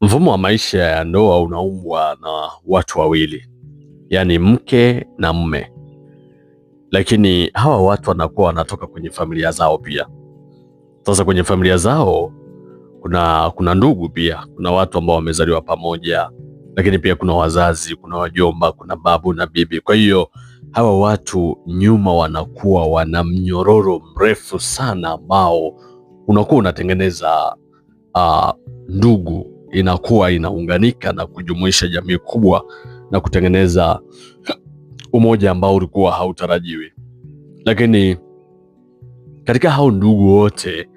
Mfumo wa maisha ya ndoa unaumbwa na watu wawili, yaani mke na mme, lakini hawa watu wanakuwa wanatoka kwenye familia zao pia. Sasa kwenye familia zao kuna, kuna ndugu pia, kuna watu ambao wamezaliwa pamoja, lakini pia kuna wazazi, kuna wajomba, kuna babu na bibi. Kwa hiyo hawa watu nyuma wanakuwa wana mnyororo mrefu sana ambao unakuwa unatengeneza uh, ndugu inakuwa inaunganika na kujumuisha jamii kubwa na kutengeneza umoja ambao ulikuwa hautarajiwi. Lakini katika hao ndugu wote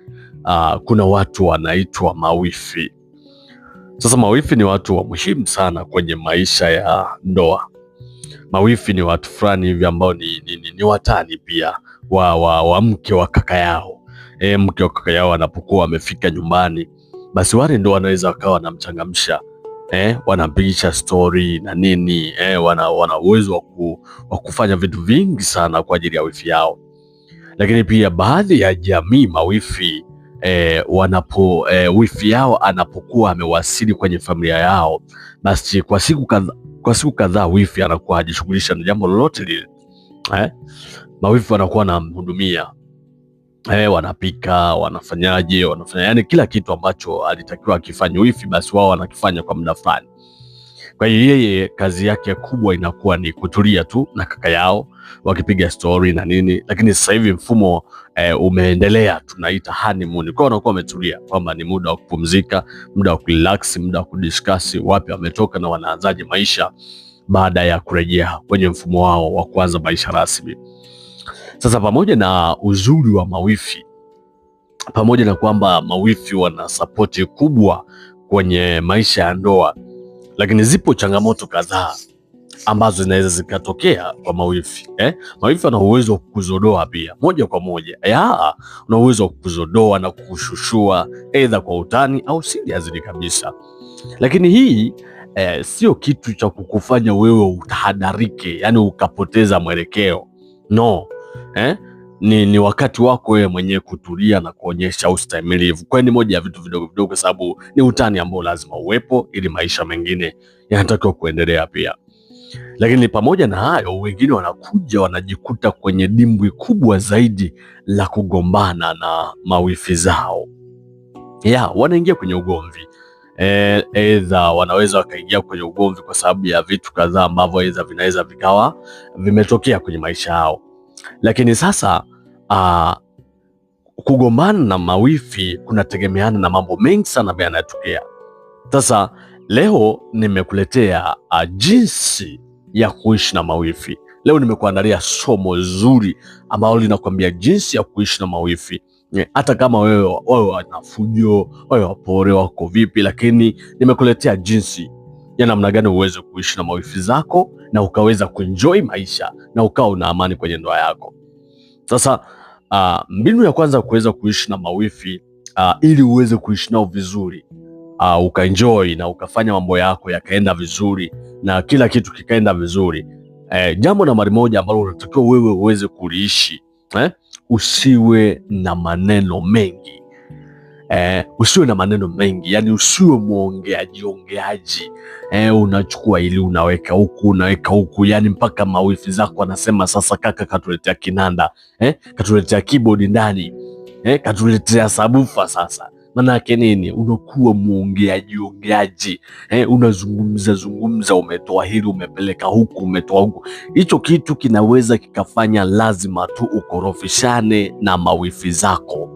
uh, kuna watu wanaitwa mawifi. Sasa mawifi ni watu wa muhimu sana kwenye maisha ya ndoa. Mawifi ni watu fulani hivi ambao ni, ni, ni, ni watani pia wa, wa, wa mke wa kaka yao. E, mke wa kaka yao anapokuwa amefika nyumbani basi wale ndo wanaweza wakawa wanamchangamsha eh, wanapigisha stori na nini eh, wana, wana uwezo wa waku, kufanya vitu vingi sana kwa ajili ya wifi yao. Lakini pia baadhi ya jamii mawifi eh, wanapo eh, wifi yao anapokuwa amewasili kwenye familia yao, basi kwa siku kadhaa kwa siku kadhaa wifi anakuwa ajishughulisha na jambo lolote lile eh, mawifi wanakuwa wanamhudumia eh, wanapika, wanafanyaje, wanafanya yani kila kitu ambacho alitakiwa akifanye wifi, basi wao wanakifanya kwa muda fulani. Kwa hiyo yeye kazi yake kubwa inakuwa ni kutulia tu na kaka yao wakipiga stori na nini, lakini sasa hivi mfumo eh, umeendelea, tunaita honeymoon. Kwa hiyo wanakuwa wametulia kwamba ni muda wa kupumzika, muda wa kurelax, muda wa kudiskasi wapi wametoka na wanaanzaje maisha baada ya kurejea kwenye mfumo wao wa kuanza maisha rasmi. Sasa pamoja na uzuri wa Mawifi, pamoja na kwamba Mawifi wana sapoti kubwa kwenye maisha ya ndoa, lakini zipo changamoto kadhaa ambazo zinaweza zikatokea kwa mawifi eh? Mawifi ana uwezo wa kukuzodoa pia moja kwa moja, una uwezo wa kukuzodoa na kukushushua aidha kwa utani au siriazili kabisa. Lakini hii eh, sio kitu cha kukufanya wewe utahadarike, yani ukapoteza mwelekeo no eh? Ni, ni wakati wako wewe mwenyewe kutulia na kuonyesha ustahimilivu. Kwa ni moja ya vitu vidogo vidogo, sababu ni utani ambao lazima uwepo ili maisha mengine yanatakiwa kuendelea pia. Lakini pamoja na hayo, wengine wanakuja wanajikuta kwenye dimbwi kubwa zaidi la kugombana na mawifi zao ya wanaingia kwenye ugomvi eh, aidha, e, wanaweza wakaingia kwenye ugomvi kwa sababu ya vitu kadhaa ambavyo aidha vinaweza vikawa vimetokea kwenye maisha yao lakini sasa uh, kugombana na mawifi kunategemeana na mambo mengi sana ambayo yanatokea. Sasa leo nimekuletea uh, jinsi ya kuishi na mawifi. Leo nimekuandalia somo zuri ambalo linakuambia jinsi ya kuishi na mawifi eh, hata kama wewe wawe wanafujo, wawe wapore, wako vipi, lakini nimekuletea jinsi ya namna gani uweze kuishi na mawifi zako na ukaweza kuenjoy maisha na ukawa una amani kwenye ndoa yako. Sasa uh, mbinu ya kwanza kuweza kuishi na mawifi uh, ili uweze kuishi nao vizuri uh, ukaenjoy na ukafanya mambo yako yakaenda vizuri na kila kitu kikaenda vizuri eh, jambo nambari moja ambalo unatakiwa wewe uweze kuliishi eh, usiwe na maneno mengi eh, usiwe na maneno mengi, yani usiwe mwongeaji ongeaji, eh, unachukua ili unaweka huku unaweka huku, yani mpaka mawifi zako anasema sasa, kaka katuletea kinanda eh, katuletea keyboard ndani eh, katuletea sabufa sasa Manake nini? Unakuwa muongeaji ongeaji eh, unazungumza zungumza, umetoa hili umepeleka huku umetoa huku. Hicho kitu kinaweza kikafanya lazima tu ukorofishane na mawifi zako.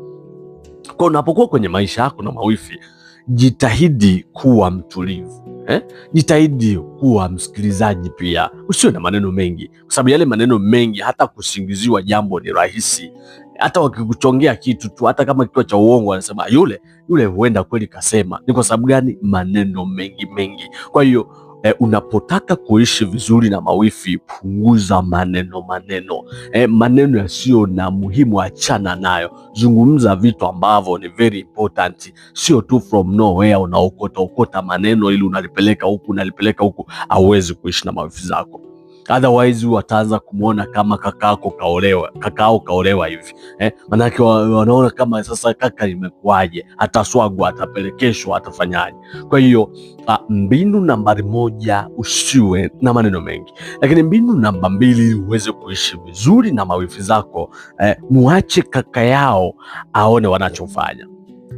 Kwa unapokuwa kwenye maisha yako na mawifi, jitahidi kuwa mtulivu eh? Jitahidi kuwa msikilizaji pia, usiwe na maneno mengi, kwa sababu yale maneno mengi, hata kusingiziwa jambo ni rahisi. Hata wakikuchongea kitu tu, hata kama kitu cha uongo, wanasema yule yule, huenda kweli kasema. Ni kwa sababu gani? Maneno mengi mengi. Kwa hiyo E, unapotaka kuishi vizuri na mawifi, punguza maneno maneno, E, maneno yasiyo na muhimu, achana nayo. Zungumza vitu ambavyo ni very important, sio tu from nowhere unaokota okota maneno ili unalipeleka huku unalipeleka huku, hauwezi kuishi na mawifi zako otherwise wataanza kumwona kama kakako kaolewa, kakao kaolewa hivi eh? Manake wanaona kama sasa kaka limekuwaje, ataswagwa, atapelekeshwa, atafanyaje? Kwa hiyo ah, mbinu nambari moja, usiwe na maneno mengi. Lakini mbinu namba mbili, ili uweze kuishi vizuri na mawifi zako eh, muache kaka yao aone wanachofanya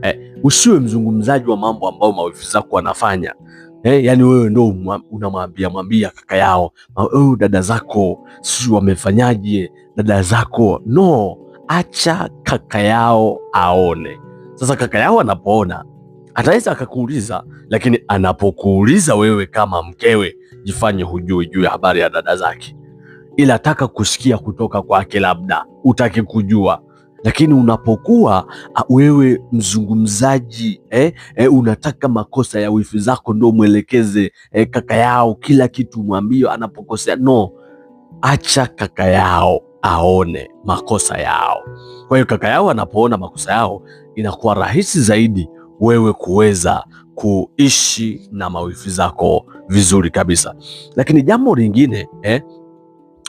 eh, usiwe mzungumzaji wa mambo ambayo mawifi zako wanafanya eh, yani wewe ndio unamwambia mwambia kaka yao oh, dada zako sijui wamefanyaje dada zako. No, acha kaka yao aone. Sasa kaka yao anapoona ataweza akakuuliza, lakini anapokuuliza wewe kama mkewe, jifanye hujui juu ya habari ya dada zake, ila ataka kusikia kutoka kwake, labda utaki kujua lakini unapokuwa ah, wewe mzungumzaji eh, eh, unataka makosa ya wifi zako ndo mwelekeze eh, kaka yao, kila kitu mwambio anapokosea. No, acha kaka yao aone makosa yao. Kwa hiyo kaka yao anapoona makosa yao, inakuwa rahisi zaidi wewe kuweza kuishi na mawifi zako vizuri kabisa. Lakini jambo lingine eh,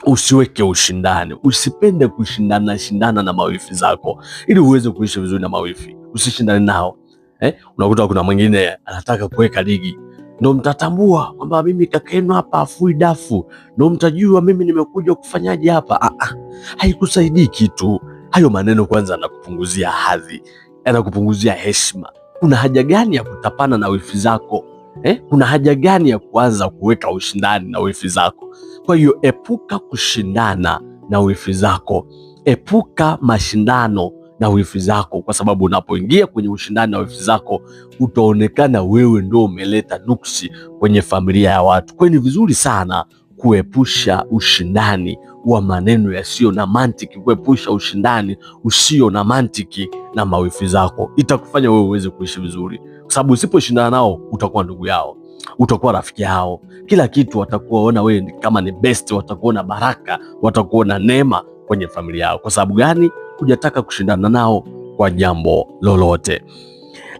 Usiweke ushindani, usipende kushindana shindana na mawifi zako ili uweze kuishi vizuri na mawifi, usishindane nao eh. Unakuta kuna mwingine anataka kuweka ligi, ndo mtatambua kwamba mimi kaka yenu hapa afui dafu, ndo mtajua mimi nimekuja kufanyaje hapa. Ah, ah, haikusaidii kitu hayo maneno. Kwanza anakupunguzia hadhi, anakupunguzia heshima. Kuna haja gani ya kutapana na wifi zako? eh? Kuna haja gani ya kuanza kuweka ushindani na wifi zako? Kwa hiyo epuka kushindana na wifi zako, epuka mashindano na wifi zako, kwa sababu unapoingia kwenye ushindani na wifi zako utaonekana wewe ndio umeleta nuksi kwenye familia ya watu. Kwa hiyo ni vizuri sana kuepusha ushindani wa maneno yasiyo na mantiki, kuepusha ushindani usio na mantiki na mawifi zako, itakufanya wewe uweze kuishi vizuri sababu usiposhindana nao utakuwa ndugu yao, utakuwa rafiki yao, kila kitu watakuwa wewe kama ni best, watakuona baraka, watakuona neema kwenye familia yao. Kwa sababu gani? Hujataka kushindana nao kwa jambo lolote.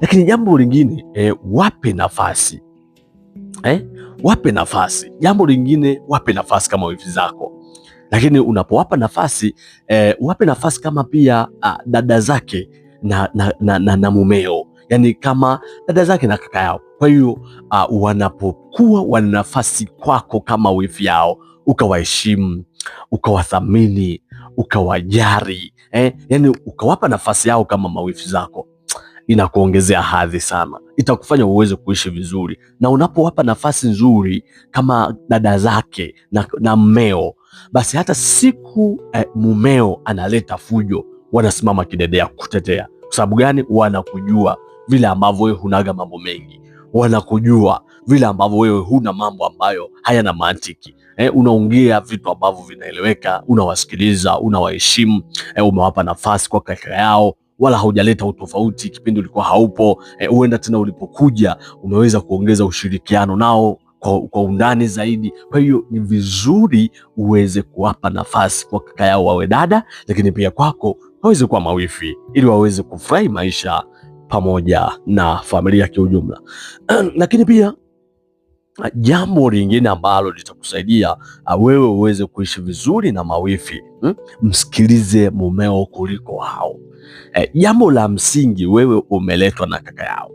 Lakini jambo lingine e, wape nafasi eh, wape nafasi. Jambo lingine wape nafasi kama wifi zako, lakini unapowapa nafasi e, wape nafasi kama pia a, ah, dada zake na, na, na, na, na mumeo yani kama dada zake na kaka yao. Kwa hiyo uh, wanapokuwa wana nafasi kwako kama wifi yao, ukawaheshimu, ukawathamini, ukawajari eh? Yani ukawapa nafasi yao kama mawifi zako, inakuongezea hadhi sana, itakufanya uweze kuishi vizuri. Na unapowapa nafasi nzuri kama dada zake na, na mmeo, basi hata siku eh, mumeo analeta fujo, wanasimama kidedea kutetea. Kwa sababu gani? Wanakujua vile ambavyo wewe hunaga mambo mengi, wanakujua vile ambavyo wewe huna mambo ambayo hayana mantiki. Eh, unaongea vitu ambavyo vinaeleweka, unawasikiliza, unawaheshimu, eh, umewapa nafasi kwa kaka yao wala haujaleta utofauti kipindi ulikuwa haupo. Eh, huenda eh, tena ulipokuja umeweza kuongeza ushirikiano nao kwa, kwa undani zaidi. Kwa hiyo ni vizuri uweze kuwapa nafasi kwa kaka yao wawe dada, lakini pia kwako waweze kuwa mawifi ili waweze kufurahi maisha pamoja na familia kiujumla. Lakini pia jambo lingine ambalo litakusaidia ah, wewe uweze kuishi vizuri na mawifi hmm? Msikilize mumeo kuliko hao. E, jambo la msingi, wewe umeletwa na kaka yao.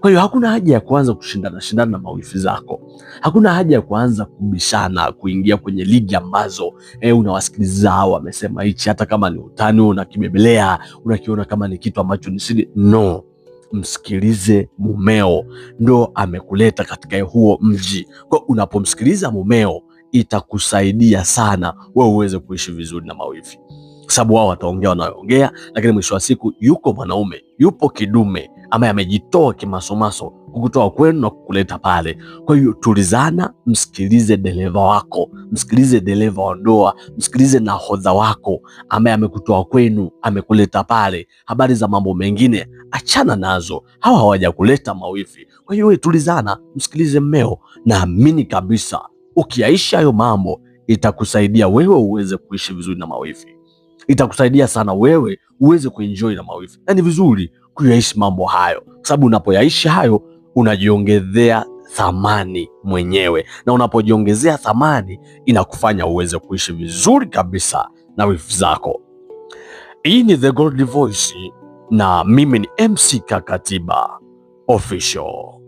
Kwa hiyo hakuna haja ya kuanza kushindana shindana na mawifi zako, hakuna haja ya kuanza kubishana, kuingia kwenye ligi ambazo e, unawasikiliza hao wamesema hichi, hata kama ni utani unakibebelea, unakiona kama ni kitu ambacho ni siri. No, msikilize mumeo, ndo amekuleta katika huo mji. Kwa unapomsikiliza mumeo itakusaidia sana wewe uweze kuishi vizuri na mawifi, sababu wao wataongea wanayoongea, lakini mwisho wa siku yuko mwanaume, yupo kidume ambaye amejitoa kimasomaso kukutoa kwenu na kukuleta pale. Kwa hiyo tulizana, msikilize dereva wako, msikilize dereva wa ndoa, msikilize nahodha wako ambaye amekutoa kwenu, amekuleta pale. Habari za mambo mengine achana nazo, hawa hawajakuleta mawifi. Kwa hiyo tulizana, msikilize mmeo. Naamini kabisa ukiaisha hayo mambo itakusaidia wewe uweze kuishi vizuri na mawifi, itakusaidia sana wewe uweze kuenjoy na mawifi, na ni vizuri kuyaishi mambo hayo, kwa sababu unapoyaishi hayo unajiongezea thamani mwenyewe, na unapojiongezea thamani inakufanya uweze kuishi vizuri kabisa na wivu zako. Hii ni The Gold Voice na mimi ni MC Kakatiba Official.